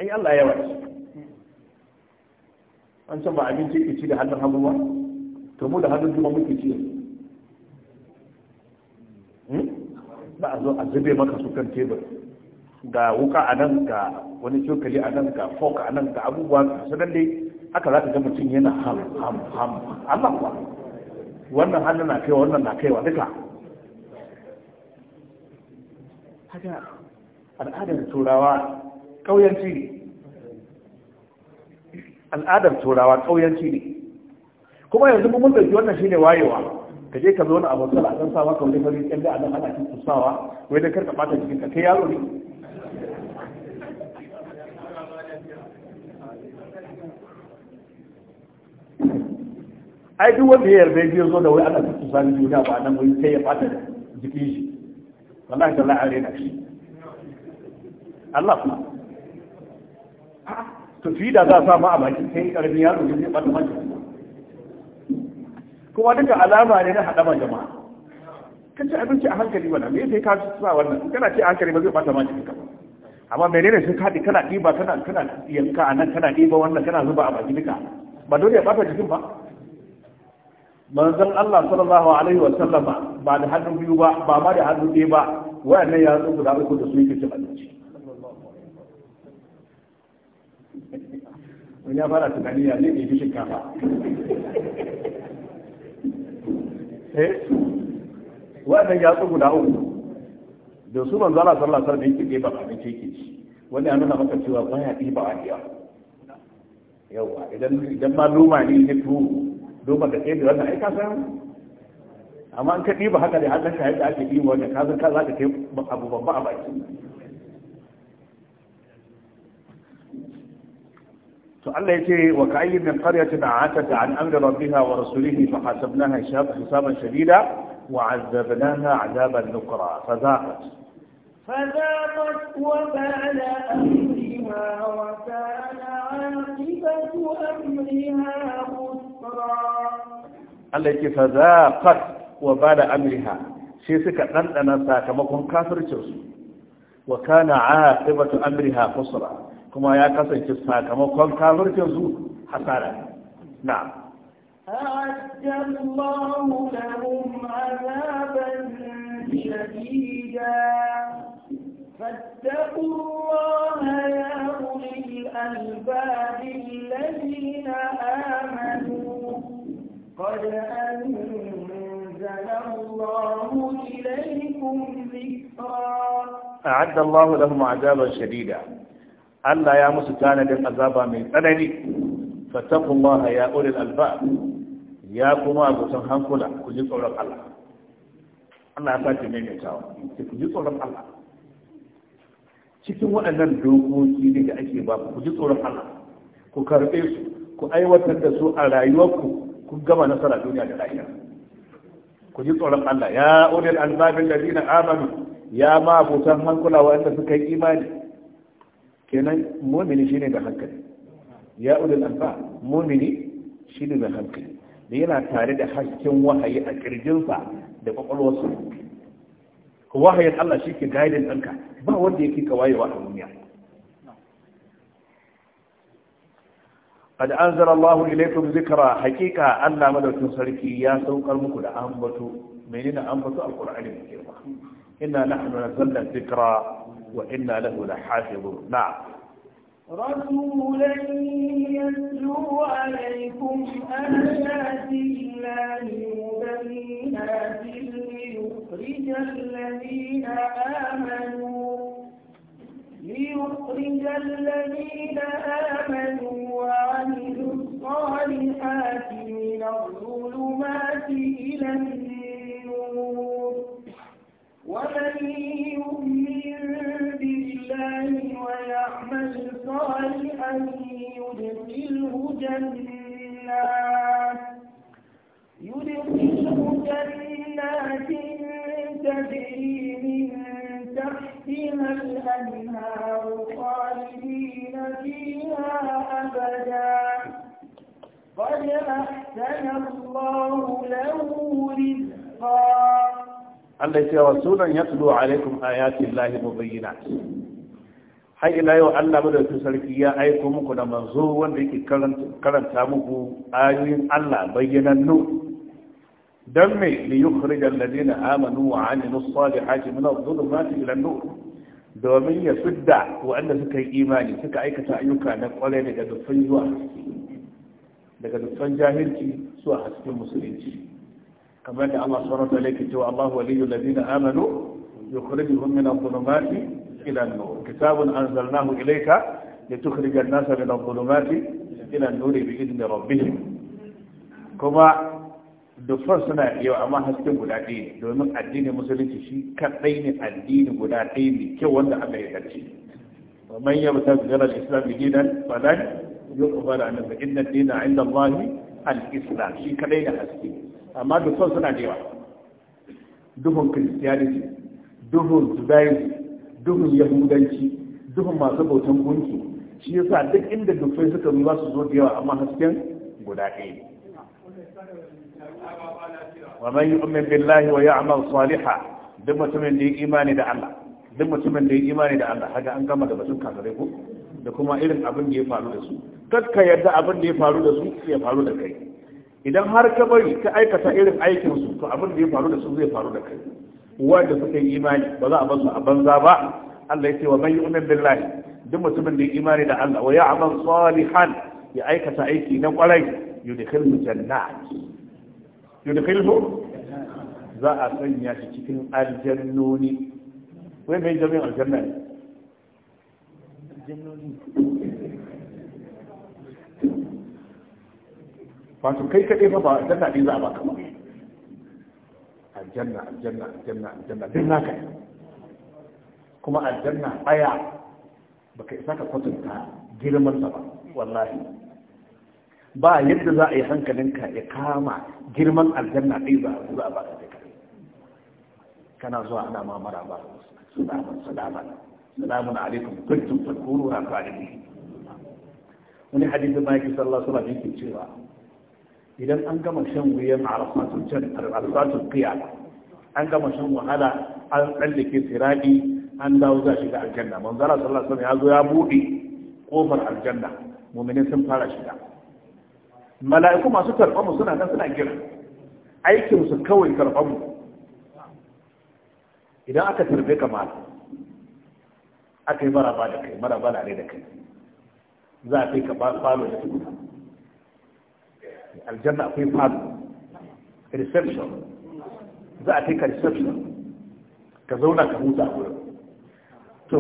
أي الله يوعد أن سمع أبين شيء كتير حد من هم الله تمود هذا الجمع من كثير. بعض الزبير ما كسو سكان كبير ga wuka a nan ga wani cokali a nan ga fok a nan ga abubuwa ga su dai aka za ka ga mutum yana ham ham ham Allah kuwa wannan hannun na kaiwa wannan na kaiwa duka haka al'adar turawa ƙauyanci ne al'adar turawa ƙauyanci ne kuma yanzu mun ɗauki wannan shine wayewa ka je ka zo wani abu sala a san sa maka wani farin kyalle a nan ana kin kusawa wai da karka bata cikin ka kai yaro ne ai duk wanda ya yarda ya zo da wai ana cikin sani juna ba nan wai sai ya fata da jikin shi wannan da la'are na shi Allah kuma to fi da za sa samu a bakin sai karbi ya zo zai fata mata kuma duka alama ne na hadama jama'a kan ci abinci a hankali wannan me yake ka sa wannan kana ci a hankali ba zai fata mata ka amma menene sun kaɗi kana ɗiba kana kana yanka a nan kana ɗiba wannan kana zuba a baki duka ba dole ya fata jikin ba manzon Allah sallallahu alaihi wa sallama ba da hannu biyu ba ba ma da hannu ɗaya ba wayannan ya zo guda uku da su yake cin abinci wani ya fara tunani ya ne ɗebi shinkafa eh wayannan ya zo guda uku da su manzo Allah sallallahu alaihi wa sallama yake ba abinci yake ci wani ya nuna maka cewa baya ba a yawa idan ma noma ne ya turu duban da ɗaya da wannan aika san amma an ka ɗiba haka da hannun shahid da ake ɗiba wajen kazan ka za ka kai abu babba a baki to Allah yace wa ka'ayyin min qaryatin atat an amri rabbiha wa rasulihi fa hasabnaha hisaban shadida wa 'azzabnaha 'adaban nukra fadhaqat فذاقت وبال أمرها وكان عاقبة أمرها خسرا التي فذاقت وبال أمرها shi suka ɗanɗana sakamakon kafircinsu wa kana aqibatu amriha khusra kuma ya kasance sakamakon kafircinsu hasara na'am a'adallahu lahum azaban shadida فاتقوا الله يا أولي الألباب الذين آمنوا قد أنزل الله إليكم ذكرا أعد الله لهم عذابا شديدا Allah ya musu tanadin azaba mai tsanani fattakullaha ya ulil albab ya kuma abutan hankula ku ji tsoron Allah Allah ya sa ki maimaitawa tsoron Allah cikin waɗannan dokoki ne da ake ba ku ji tsoron Allah ku karɓe su ku aiwatar da su a rayuwarku ku gama nasara duniya da lahira ku ji tsoron Allah ya ulil albabin ladina amanu ya ma butan hankula wanda suka yi imani kenan mu'mini shine da hankali ya ulil alba mu'mini shine da hankali yana tare da hasken wahayi a kirjinsa da kwakwalwarsa wahayin Allah shi ke gaidin ɗanka ba wanda yake ka wayewa a duniya qad anzala Allah ilaykum zikra haqiqa Allah madaukin sarki ya saukar muku da ambato menene ambato alqur'ani ne girma inna nahnu nazzalna zikara wa inna lahu lahafizun na'am رسولا يتلو عليكم آيات الله مبينات ليخرج ليخرج الذين آمنوا وعملوا الصالحات من الظلمات إلى النور ومن يؤمن وعمل صالحا يدخله جنات يدخله جنات تجري من تحتها الأنهار خالدين فيها أبدا قد أحسن الله له رزقا الله يتوسل يتلو عليكم آيات الله مبينات har ila yau Allah madaukakin sarki ya aiko muku da manzo wanda yake karanta muku ayoyin Allah bayyanannu dan me li yukhrij alladhina amanu wa amilu salihati min adh-dhulumati ila an-nur domin ya fidda wanda suka yi imani suka aikata ayyuka na kwarai daga dukkan zuwa daga dukkan jahilci zuwa hasken musulunci kamar da Allah subhanahu wa ta'ala yake cewa Allahu waliyul ladina amanu yukhrijuhum min adh-dhulumati إلى النور كتاب أنزلناه إليك لتخرج الناس من الظلمات إلى النور بإذن ربهم كما dufar suna yau amma hasken guda ɗaya domin addinin musulunci shi kaɗai ne addini guda ɗaya ne kyau wanda aka yi ƙarshe wa man yabu ta zirar islam bi dinan falan yuqbal an fa inna dina inda Allah al islam shi haske amma suna da yawa duhun christianity duhun judaism duhun yahudanci duhun masu bautan gunki shi yasa duk inda dukkai suka zo za su zo da yawa amma hasken guda ɗaya wa man yu'min billahi wa ya'mal salihan duk mutumin da ya imani da Allah duk mutumin da ya imani da Allah haka an gama da batun kafirai ko da kuma irin abin da ya faru da su kar ka yarda abin da ya faru da su ya faru da kai idan har ka bari ka aikata irin aikin su to abin da ya faru da su zai faru da kai wanda suka yi imani ba za a basu a banza ba Allah ya ce wa man yu'min billahi duk mutumin da ya imani da Allah wa ya'mal salihan ya aikata aiki na kwarai yudkhilhu jannat yudkhilhu za a sanya shi cikin aljannoni wai mai jami'in aljanna ne wato kai kaɗai fa ba aljanna ne za a baka ba aljanna aljanna aljanna aljanna din naka kuma aljanna daya baka isa ka kwatanta girman sa ba wallahi ba yadda za a yi hankalinka ya kama girman aljanna ɗaya ba za a ba ka kana zuwa ana mamara ba salaman salaman salamun alaikum kuntum tadkuruna qalibi wani hadisi ba yake sallallahu alaihi wasallam yake cewa idan an gama shan wuyan alfatun can alfatun kiya an gama shan wahala an tsallake siradi an dawo za shiga aljanna manzara sallallahu alaihi wasallam ya zo ya bude kofar aljanna mu'minin sun fara shiga mala'iku masu karɓar mu suna nan suna gira aikin su kawai karɓar mu idan aka tarbe ka mala aka yi maraba da kai maraba da kai za a kai ka falo da tukuna aljanna akwai falo reception za a kai ka reception ka zauna ka huta a wurin to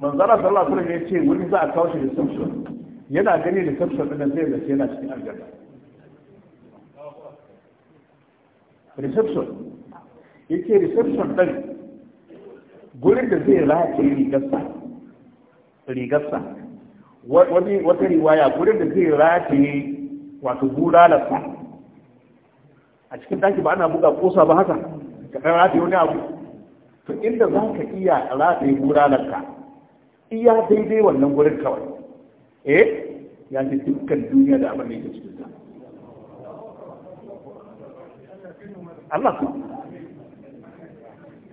manzara sallallahu alaihi wasallam ya ce wani za a kawo shi reception yana gani reception din zai zace yana cikin aljanna reception yake reception din gurin da zai rataye rigarsa rigarsa wani wata riwaya gurin da zai rataye wato bulalarsa a cikin daki ba ana buga kosa ba haka ka ɗan rafi wani abu to inda za ka iya rataye bulalarka iya daidai wannan gurin kawai eh ya ce dukkan duniya da abin da yake cikin ta Allah ku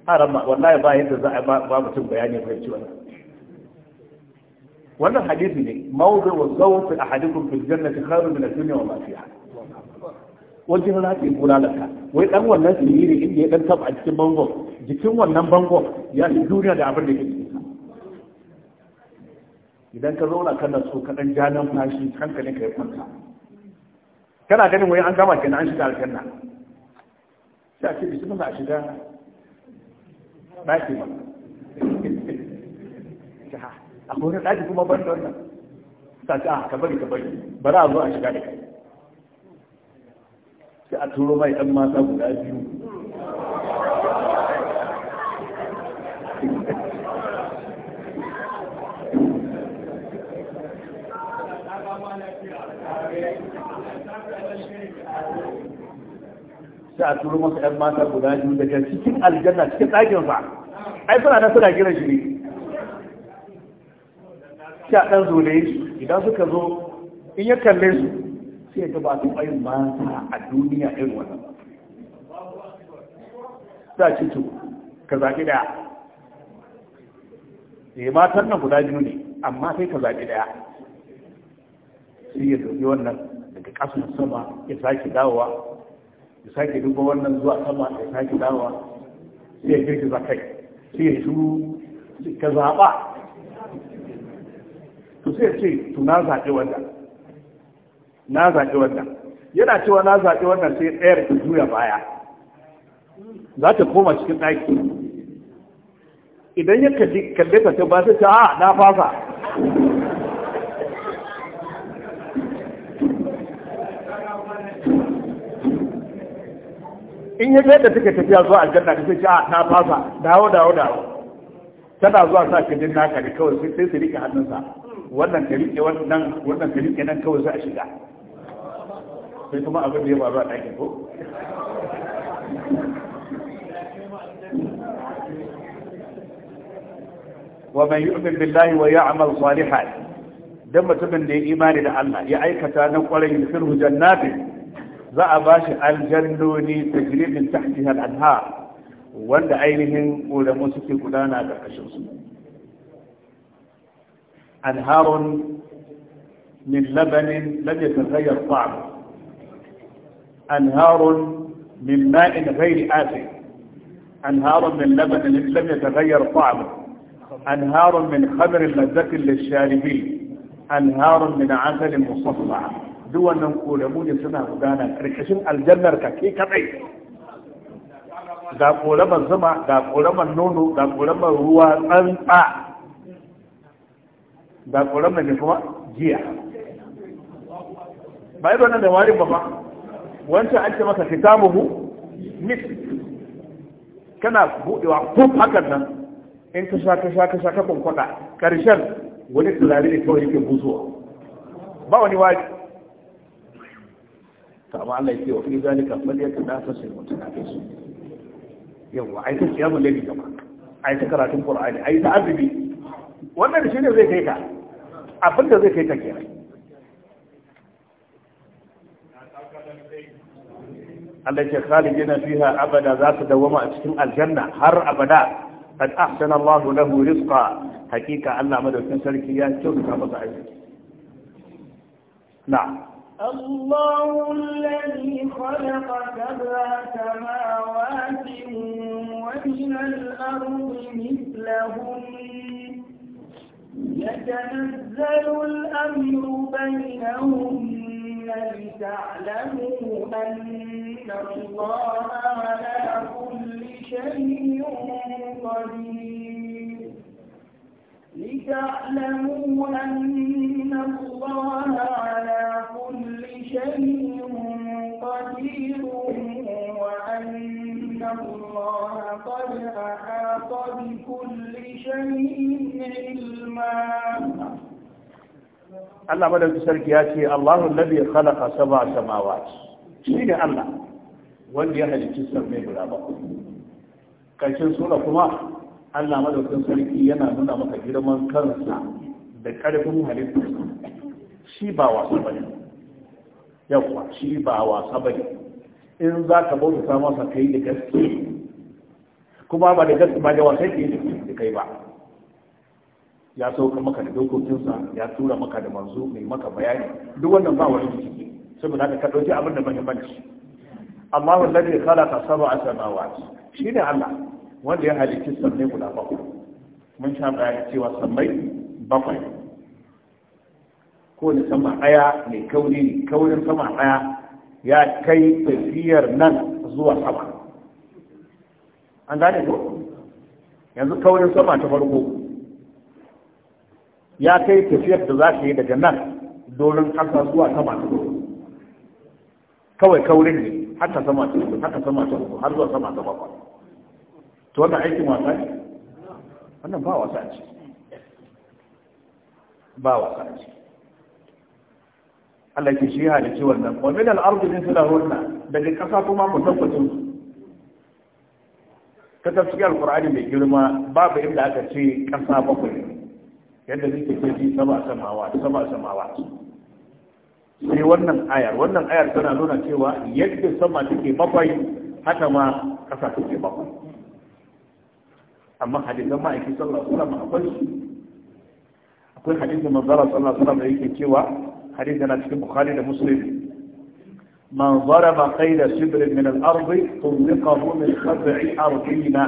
haram wallahi ba yadda za a ba mutum bayani fahimci wannan wannan hadisi ne mawdu wa zawfi ahadikum fil jannati khairun min ad-dunya wa ma fiha kula da ka, wai dan wannan sirri inda ya dan taba a cikin bangon jikin wannan bangon ya fi duniya da abin da ke cikin idan ka zauna kana so ka dan ja fashi hankalin ka ya kwanta kana ganin wai an gama kenan an shiga aljanna sai a ce bismillah a shiga ɗaki ba a wani ɗaki kuma ban da wannan ta ce a ah, ka bari ka bari bari a zo a shiga da kai sai a turo mai ɗan mata guda biyu sai a turo masa ɗan mata guda biyu daga cikin aljanna cikin ɗakin sa ai suna nan suna gina shi ne ɗan zolaye su idan suka zo in ya kalle su sai ya gaba su ɓayin mata a duniya irin wannan za ci to ka zaɓi ɗaya ya eh, matan nan guda biyu ne amma sai ka zaɓi ɗaya sai ya zaɓi wannan daga ƙasar sama ya sake dawowa ya sake duba wannan zuwa sama ya sake dawowa sai ya girgiza kai sai ya shuru ka zaɓa to sai ce to na zaɓi wannan na zaɓi wannan yana cewa na zaɓi wannan sai ɗayar ta juya baya za ta koma cikin ɗaki idan ya kalle ta ba ta ce a na fasa in ya yadda take tafiya zuwa aljanna ta ce a na fasa dawo dawo dawo tana zuwa sa kajin naka da kawai sai su rike hannunsa wannan ka rike wannan wannan ka rike nan kawai za a shiga sai kuma abin da ya faru a ɗakin ko wa man yu'min billahi wa ya'mal salihan dan mutumin da ya imani da Allah ya aikata na kwarai da sirru jannati za a bashi aljannoni tajri min tahtiha al-anhar wanda ainihin ƙoramu suke gudana a ƙarƙashin su أنهار من لبن لم يتغير طعمه أنهار من ماء غير آسف أنهار من لبن لم يتغير طعمه أنهار من خمر لذة للشاربين أنهار من عسل مصفى دون أبوني سنة غدانا ركشن الجنة ركاكي كبير دا قولما الزمع دا قولما النونو دا قولما هو tsantsa da tsoron mai kuma jiya ba yi wannan da wari ba ba wancan an ce masa fita muhu mis kana buɗewa ko hakan nan in ka sha ka sha ka sha ka kwankwada ƙarshen wani turare ne kawai yake buzuwa ba wani wari Kama Allah ya ce wa fi zalika falyata da fasil mutanafisu yawa ai ta ciyamu lalle A ai ta karatun qur'ani ai ta azumi wannan shi ne zai kai ka abin da zai kai ka kenan Allah ce khalidina fiha abada za su dawama a cikin aljanna har abada قد أحسن الله له رزقا حقيقة أن عمد التنسلكيات شوف نعم الله الذي خلق سبع سماوات ومن الأرض مثلهن يتنزل الأمر بينهم لتعلموا أن الله على كل شيء قدير لتعلموا أن الله على كل شيء قدير وأن الله قد أحاط بكل شيء علما Allah madauki sarki ya ce Allahu alladhi khalaqa sab'a samawat ne Allah wanda ya halicci sammai guda bakwai karshen sura kuma Allah madaukin sarki yana nuna maka girman kansa da ƙarfin halittarsa shi ba wasa bane yawa shi ba wasa bane in za ka bauta masa kai da gaske kuma ba da gaske ba da wasai ke da kai ba ya sauka maka da dokokinsa ya tura maka da manzo mai maka bayani duk wannan ba wani ciki saboda haka ka dauki abin da muhimmanci amma wallahi a sab'a Shi ne Allah wanda ya halicci sammai guda bakwai mun sha bayani cewa sammai bakwai ko da sama ɗaya mai kauri ne kaurin sama ɗaya. ya kai tafiyar nan zuwa sama an gane ko yanzu kawai sama ta farko ya kai tafiyar da za ka yi daga nan domin ƙasa zuwa sama ta farko kawai kawai ne haka sama ta farko haka sama ta farko har zuwa sama ta farko to wannan aikin wasa ne wannan ba wasa ce ba wasa ce Allah ke shi halice wannan wa min al-ardi min sulahunna daga kasa kuma mu tabbatu su ta tafsir al-qur'ani mai girma babu inda aka ce kasa bakwai yadda nake ce shi sama samawa sama samawa sai wannan ayar wannan ayar tana nuna cewa yadda sama take bakwai haka ma kasa take bakwai amma hadisan ma'aikin sallallahu alaihi wasallam akwai akwai hadisin manzara sallallahu alaihi wasallam da yake cewa hadith yana cikin bukhari da muslim man zaraba qayda shibrin min al-ardi tunziqahu min qad'i ardina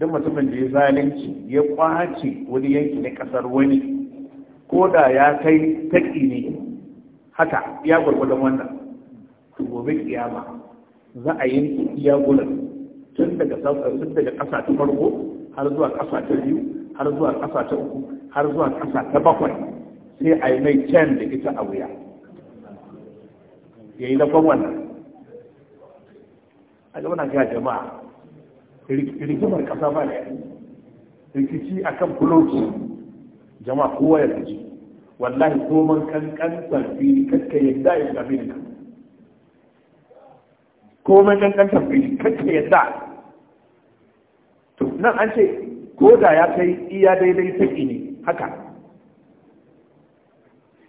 duk mutumin da ya zalunci ya kwace wani yanki na kasar wani ko da ya kai taƙi ne haka ya gwargwadon wannan gobe kiyama za a yanki iya gulan tun daga tun daga ƙasa ta farko har zuwa ƙasa ta biyu har zuwa ƙasa ta uku har zuwa ƙasa ta bakwai sai a yi mai can da ita a wuya ya yi lafan wannan a gaba na ga jama'a rikimar kasa ba da rikici a kan kuloci jama'a kowa ya rikici wallahi koman kankan tafi kakka yadda ya shafi da kan komai kankan tafi kakka yadda to nan an ce ko da ya kai iya daidai saki ne haka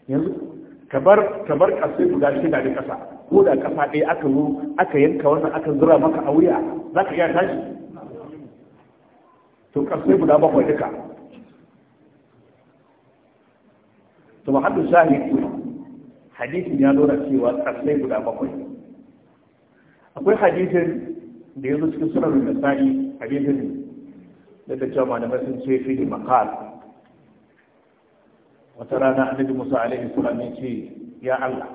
yanzu kabar kabar kasai guda shida da kasa ko da kasa ɗaya aka yi aka yanka wannan aka zura maka a wuya za ka iya tashi to kasai guda bakwai duka to mahaddu ne hadisin ya nuna cewa kasai guda bakwai akwai hadisin da ya zo cikin sunan nasa'i hadisin da ta cewa malamai sun ce fi makar wata rana annabi musa alaihi salam ya ce ya allah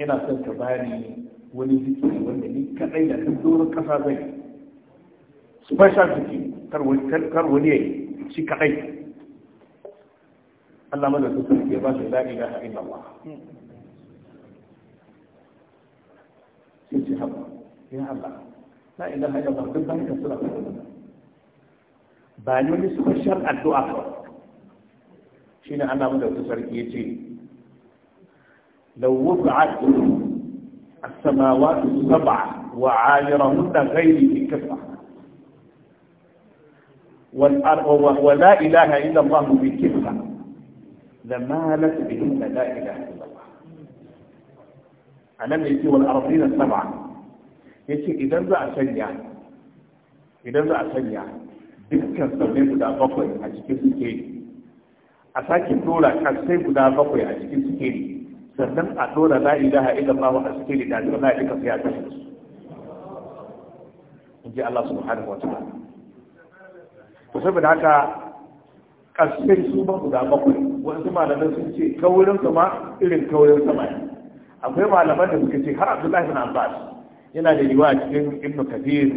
ina son ka bani wani zikiri wanda ni kadai da duk doron kasa zai special zikiri kar wani yayi shi kadai Allah mada su sarki ke ba su la ilaha illallah sai ce haba ya Allah la ilaha illallah duk bayan ka sura ba ne wani special addu'a kawai شين أنا من يتي لو وقعت السماوات السبع وعايرهن غير بكفة ولا إله إلا الله بكفة لمالت بهن لا إله إلا الله ألم يأتي والأرضين السبع يأتي إذا ذا أسنيا إذا ذا أسنيا دكا سبب دا بقل أجكس كيدي a sake dora kasai guda bakwai a cikin sikiri, sannan a dora la ilaha illallah a sikiri da la ilaha sai a kashe su in ji Allah subhanahu wa ta'ala to saboda haka kasai su ba guda bakwai wasu malaman sun ce kaurin sama irin kaurin sama ne akwai malaman da suka ce har Abdullahi bin Abbas yana da a cikin Ibn Kathir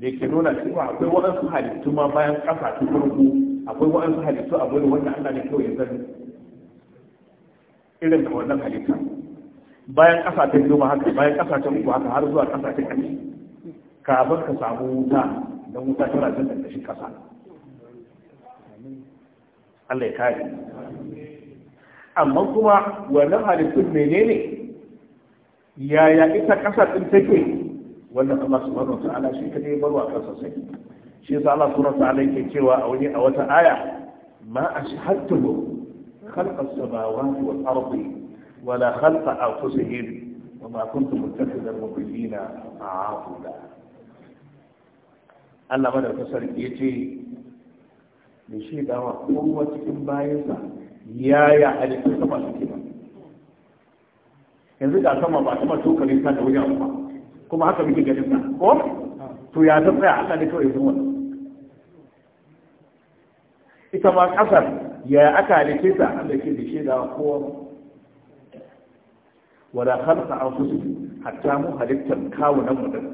da ke nuna cewa akwai waɗansu halittu ma bayan ƙasa ta farko akwai wa'ansu halittu a wani wanda Allah ne kawai ya sani irin da wannan halitta bayan kasashen ta haka bayan kasashen ta uku haka har zuwa kasashen ta ƙarshe kafin ka samu wuta don wuta tana jin ƙarƙashin ƙasa Allah ya kare amma kuma wannan halittun menene yaya ita ƙasa ɗin take wannan su subhanahu wa ta'ala shi ne barwa kansa sai shi yasa Allah subhanahu wa ta'ala cewa a wani a wata aya ma ashhadtuhu خلق السماوات والأرض ولا خلق أنفسهم وما كنت متخذ المضلين عاضلا Allah mana ta sarki ya ce da shi dawa kowa cikin bayansa yaya halittu sama suke ba yanzu ga sama ba sama tokalin sa da wajen kuma kuma haka muke ganin ko to ya ta tsaya Allah ne kawai zuwa ita ma ƙasar ya aka halice ta Allah ke da shaida kowa wala khalqa anfusihim hatta mu halittar nan mu din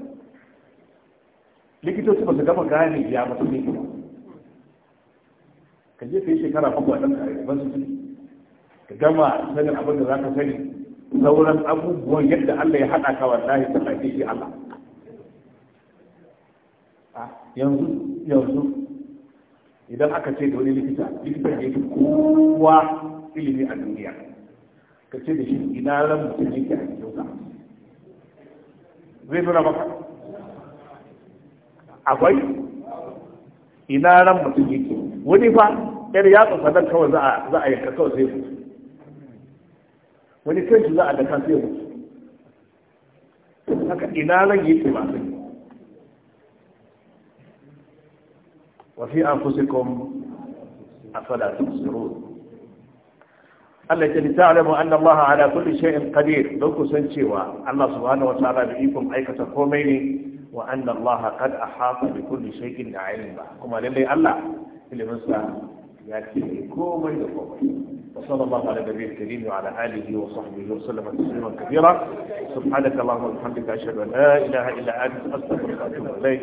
likitoci ba su gama gane ya ba su ne ka je ka yi shekara bakwai ɗan kare ba su ka gama sanin abin da za ka sani sauran abubuwan yadda Allah ya haɗa ka wallahi ta ɗauke shi Allah ah, yanzu yanzu idan aka ce da wani likita likitan ya ke kowa ilimi a duniya ka ce da shi ina ran mutum yake a jikinsa zai nuna maka akwai ina ran mutum yake wani fa yar tsofa don kawai za a yanka kawai sai mutu wani kai shi za a daka sai mutu haka ina ran yake ba yi wafi an a afala tusirun Allah ya ni ta'lamu anna Allah ala kulli shay'in qadir don ku san cewa Allah subhanahu wa ta'ala bi ikon aikata komai ne wa a hafa da ahata bi kulli shay'in ilma kuma lallai Allah ilimin ya ce komai da komai وصلى الله على النبي الكريم وعلى اله وصحبه وسلم تسليما كثيرا سبحانك اللهم وبحمدك اشهد ان لا اله الا انت استغفرك واتوب اليك